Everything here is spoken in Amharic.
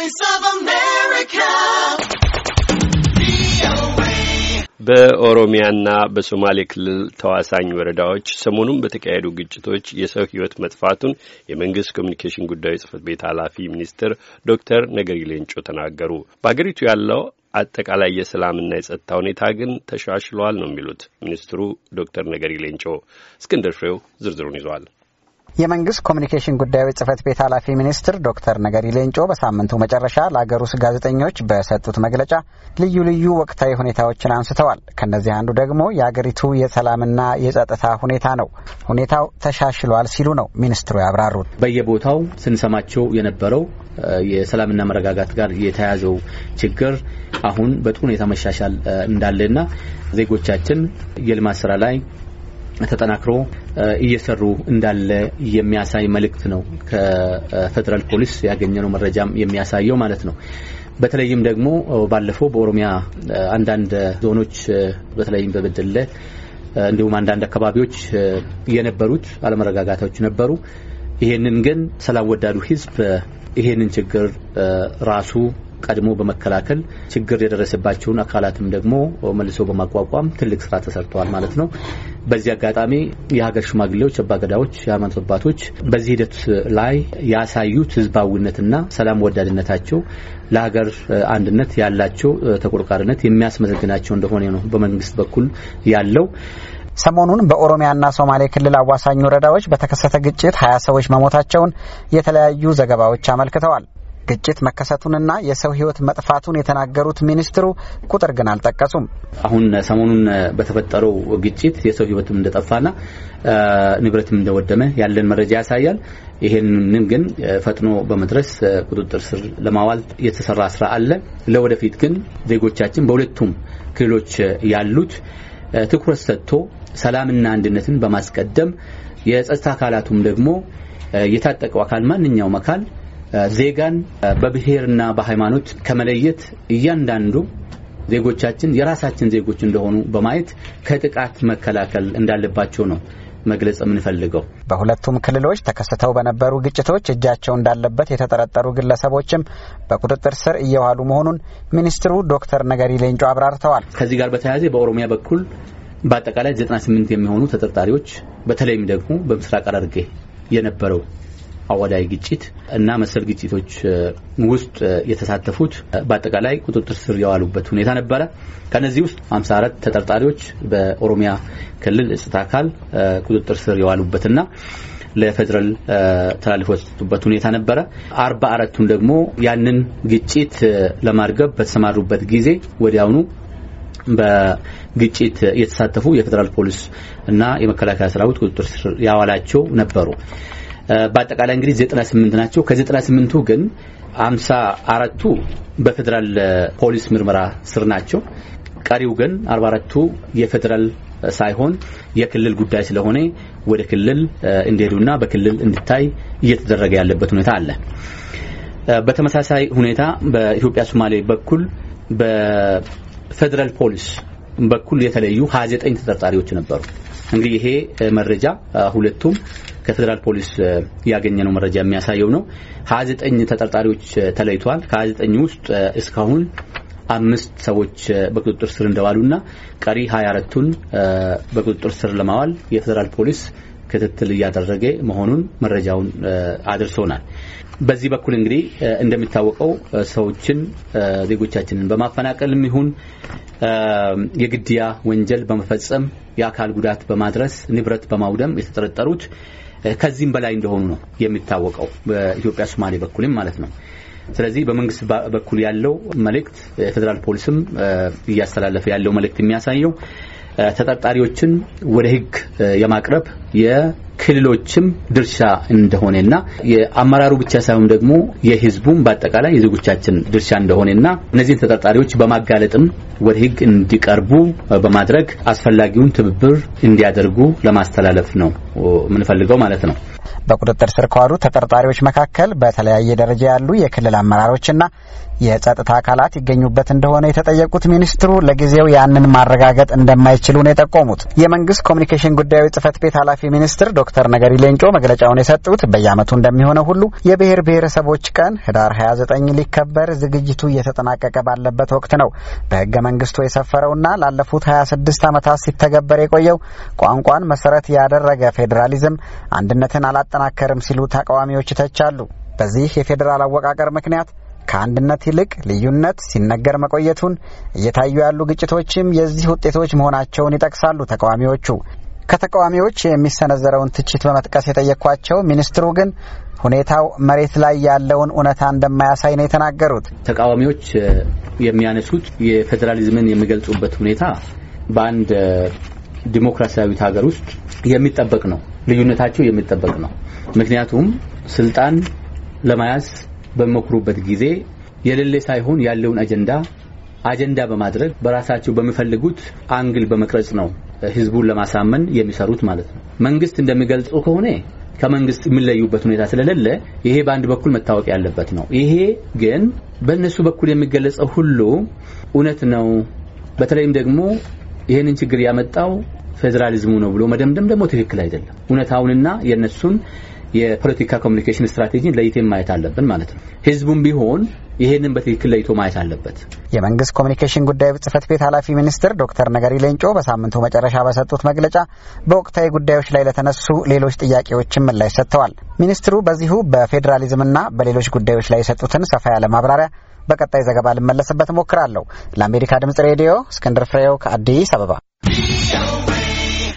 Voice of America. በኦሮሚያና በሶማሌ ክልል ተዋሳኝ ወረዳዎች ሰሞኑን በተካሄዱ ግጭቶች የሰው ሕይወት መጥፋቱን የመንግስት ኮሚኒኬሽን ጉዳዮች ጽህፈት ቤት ኃላፊ ሚኒስትር ዶክተር ነገሪ ሌንጮ ተናገሩ። በሀገሪቱ ያለው አጠቃላይ የሰላምና የጸጥታ ሁኔታ ግን ተሻሽሏል ነው የሚሉት ሚኒስትሩ ዶክተር ነገሪ ሌንጮ። እስክንድር ፍሬው ዝርዝሩን ይዟል። የመንግስት ኮሚኒኬሽን ጉዳዮች ጽህፈት ቤት ኃላፊ ሚኒስትር ዶክተር ነገሪ ሌንጮ በሳምንቱ መጨረሻ ለአገር ውስጥ ጋዜጠኞች በሰጡት መግለጫ ልዩ ልዩ ወቅታዊ ሁኔታዎችን አንስተዋል። ከእነዚህ አንዱ ደግሞ የአገሪቱ የሰላምና የጸጥታ ሁኔታ ነው። ሁኔታው ተሻሽሏል ሲሉ ነው ሚኒስትሩ ያብራሩት። በየቦታው ስንሰማቸው የነበረው የሰላምና መረጋጋት ጋር የተያዘው ችግር አሁን በጥሩ ሁኔታ መሻሻል እንዳለና ዜጎቻችን የልማት ስራ ላይ ተጠናክሮ እየሰሩ እንዳለ የሚያሳይ መልእክት ነው። ከፌዴራል ፖሊስ ያገኘነው መረጃም የሚያሳየው ማለት ነው። በተለይም ደግሞ ባለፈው በኦሮሚያ አንዳንድ ዞኖች በተለይም በበደሌ እንዲሁም አንዳንድ አካባቢዎች የነበሩት አለመረጋጋቶች ነበሩ። ይሄንን ግን ሰላም ወዳዱ ህዝብ ይሄንን ችግር ራሱ ቀድሞ በመከላከል ችግር የደረሰባቸውን አካላትም ደግሞ መልሶ በማቋቋም ትልቅ ስራ ተሰርተዋል ማለት ነው። በዚህ አጋጣሚ የሀገር ሽማግሌዎች፣ አባገዳዎች፣ የሃይማኖት አባቶች በዚህ ሂደት ላይ ያሳዩት ህዝባዊነትና ሰላም ወዳድነታቸው ለሀገር አንድነት ያላቸው ተቆርቋሪነት የሚያስመዘግናቸው እንደሆነ ነው በመንግስት በኩል ያለው። ሰሞኑን በኦሮሚያና ሶማሌ ክልል አዋሳኝ ወረዳዎች በተከሰተ ግጭት ሀያ ሰዎች መሞታቸውን የተለያዩ ዘገባዎች አመልክተዋል። ግጭት መከሰቱንና የሰው ሕይወት መጥፋቱን የተናገሩት ሚኒስትሩ ቁጥር ግን አልጠቀሱም። አሁን ሰሞኑን በተፈጠረው ግጭት የሰው ሕይወትም እንደጠፋና ንብረትም እንደወደመ ያለን መረጃ ያሳያል። ይሄንን ግን ፈጥኖ በመድረስ ቁጥጥር ስር ለማዋል የተሰራ ስራ አለ። ለወደፊት ግን ዜጎቻችን በሁለቱም ክልሎች ያሉት ትኩረት ሰጥቶ ሰላምና አንድነትን በማስቀደም የጸጥታ አካላቱም ደግሞ የታጠቀው አካል ማንኛውም አካል ዜጋን በብሔርና በሃይማኖት ከመለየት እያንዳንዱ ዜጎቻችን የራሳችን ዜጎች እንደሆኑ በማየት ከጥቃት መከላከል እንዳለባቸው ነው መግለጽ የምንፈልገው። በሁለቱም ክልሎች ተከስተው በነበሩ ግጭቶች እጃቸው እንዳለበት የተጠረጠሩ ግለሰቦችም በቁጥጥር ስር እየዋሉ መሆኑን ሚኒስትሩ ዶክተር ነገሪ ሌንጮ አብራርተዋል። ከዚህ ጋር በተያያዘ በኦሮሚያ በኩል በአጠቃላይ 98 የሚሆኑ ተጠርጣሪዎች በተለይም ደግሞ በምስራቅ ሐረርጌ የነበረው አወዳይ ግጭት እና መሰል ግጭቶች ውስጥ የተሳተፉት በአጠቃላይ ቁጥጥር ስር የዋሉበት ሁኔታ ነበረ። ከነዚህ ውስጥ 54 ተጠርጣሪዎች በኦሮሚያ ክልል እጽት አካል ቁጥጥር ስር የዋሉበትና ለፌዴራል ተላልፎ የተሰጡበት ሁኔታ ነበረ። አርባ አራቱን ደግሞ ያንን ግጭት ለማርገብ በተሰማሩበት ጊዜ ወዲያውኑ በግጭት የተሳተፉ የፌዴራል ፖሊስ እና የመከላከያ ሰራዊት ቁጥጥር ስር ያዋላቸው ነበሩ። በአጠቃላይ እንግዲህ 98 ናቸው። ከ98ቱ ግን 54ቱ በፌዴራል ፖሊስ ምርመራ ስር ናቸው። ቀሪው ግን 44ቱ የፌዴራል ሳይሆን የክልል ጉዳይ ስለሆነ ወደ ክልል እንዲሄዱና በክልል እንዲታይ እየተደረገ ያለበት ሁኔታ አለ። በተመሳሳይ ሁኔታ በኢትዮጵያ ሶማሌ በኩል በፌዴራል ፖሊስ በኩል የተለዩ 29 ተጠርጣሪዎች ነበሩ። እንግዲህ ይሄ መረጃ ሁለቱም ከፌዴራል ፖሊስ ያገኘነው መረጃ የሚያሳየው ነው። 29 ተጠርጣሪዎች ተለይተዋል። ከ29 ውስጥ እስካሁን አምስት ሰዎች በቁጥጥር ስር እንደዋሉና ቀሪ 24ቱን በቁጥጥር ስር ለማዋል የፌዴራል ፖሊስ ክትትል እያደረገ መሆኑን መረጃውን አድርሶናል። በዚህ በኩል እንግዲህ እንደሚታወቀው ሰዎችን ዜጎቻችንን በማፈናቀል ይሁን የግድያ ወንጀል በመፈጸም የአካል ጉዳት በማድረስ ንብረት በማውደም የተጠረጠሩት ከዚህም በላይ እንደሆኑ ነው የሚታወቀው በኢትዮጵያ ሶማሌ በኩልም ማለት ነው። ስለዚህ በመንግስት በኩል ያለው መልእክት የፌዴራል ፖሊስም እያስተላለፈ ያለው መልእክት የሚያሳየው ተጠርጣሪዎችን ወደ ህግ የማቅረብ የክልሎችም ድርሻ እንደሆነና የአመራሩ ብቻ ሳይሆን ደግሞ የህዝቡም በአጠቃላይ የዜጎቻችን ድርሻ እንደሆነና እነዚህን ተጠርጣሪዎች በማጋለጥም ወደ ህግ እንዲቀርቡ በማድረግ አስፈላጊውን ትብብር እንዲያደርጉ ለማስተላለፍ ነው የምንፈልገው ማለት ነው። በቁጥጥር ስር ከዋሉ ተጠርጣሪዎች መካከል በተለያየ ደረጃ ያሉ የክልል አመራሮችና የጸጥታ አካላት ይገኙበት እንደሆነ የተጠየቁት ሚኒስትሩ ለጊዜው ያንን ማረጋገጥ እንደማይችሉ ነው የጠቆሙት። የመንግስት ኮሚኒኬሽን ጉዳዮች ጽህፈት ቤት ኃላፊ ሚኒስትር ዶክተር ነገሪ ሌንጮ መግለጫውን የሰጡት በየአመቱ እንደሚሆነው ሁሉ የብሔር ብሔረሰቦች ቀን ህዳር 29 ሊከበር ዝግጅቱ እየተጠናቀቀ ባለበት ወቅት ነው። በህገ መንግስቱ የሰፈረውና ላለፉት 26 ዓመታት ሲተገበር የቆየው ቋንቋን መሰረት ያደረገ ፌዴራሊዝም አንድነትን አላጠናከርም ሲሉ ተቃዋሚዎች ይተቻሉ። በዚህ የፌዴራል አወቃቀር ምክንያት ከአንድነት ይልቅ ልዩነት ሲነገር መቆየቱን፣ እየታዩ ያሉ ግጭቶችም የዚህ ውጤቶች መሆናቸውን ይጠቅሳሉ ተቃዋሚዎቹ። ከተቃዋሚዎች የሚሰነዘረውን ትችት በመጥቀስ የጠየኳቸው ሚኒስትሩ ግን ሁኔታው መሬት ላይ ያለውን እውነታ እንደማያሳይ ነው የተናገሩት። ተቃዋሚዎች የሚያነሱት የፌዴራሊዝምን የሚገልጹበት ሁኔታ በአንድ ዲሞክራሲያዊት ሀገር ውስጥ የሚጠበቅ ነው። ልዩነታቸው የሚጠበቅ ነው። ምክንያቱም ስልጣን ለመያዝ በሚመክሩበት ጊዜ የሌለ ሳይሆን ያለውን አጀንዳ አጀንዳ በማድረግ በራሳቸው በሚፈልጉት አንግል በመቅረጽ ነው ህዝቡን ለማሳመን የሚሰሩት ማለት ነው። መንግስት እንደሚገልጹ ከሆነ ከመንግስት የሚለዩበት ሁኔታ ስለሌለ ይሄ በአንድ በኩል መታወቅ ያለበት ነው። ይሄ ግን በእነሱ በኩል የሚገለጸው ሁሉ እውነት ነው። በተለይም ደግሞ ይህንን ችግር ያመጣው ፌዴራሊዝሙ ነው ብሎ መደምደም ደግሞ ትክክል አይደለም። እውነታውንና የእነሱን የፖለቲካ ኮሚኒኬሽን ስትራቴጂን ለይቴን ማየት አለብን ማለት ነው። ህዝቡም ቢሆን ይሄንን በትክክል ለይቶ ማየት አለበት። የመንግስት ኮሚኒኬሽን ጉዳይ ጽህፈት ቤት ኃላፊ ሚኒስትር ዶክተር ነገሪ ሌንጮ በሳምንቱ መጨረሻ በሰጡት መግለጫ በወቅታዊ ጉዳዮች ላይ ለተነሱ ሌሎች ጥያቄዎችን ምላሽ ሰጥተዋል። ሚኒስትሩ በዚሁ በፌዴራሊዝምና በሌሎች ጉዳዮች ላይ የሰጡትን ሰፋ ያለ ማብራሪያ በቀጣይ ዘገባ ልመለስበት እሞክራለሁ። ለአሜሪካ ድምጽ ሬዲዮ እስክንድር ፍሬው ከአዲስ አበባ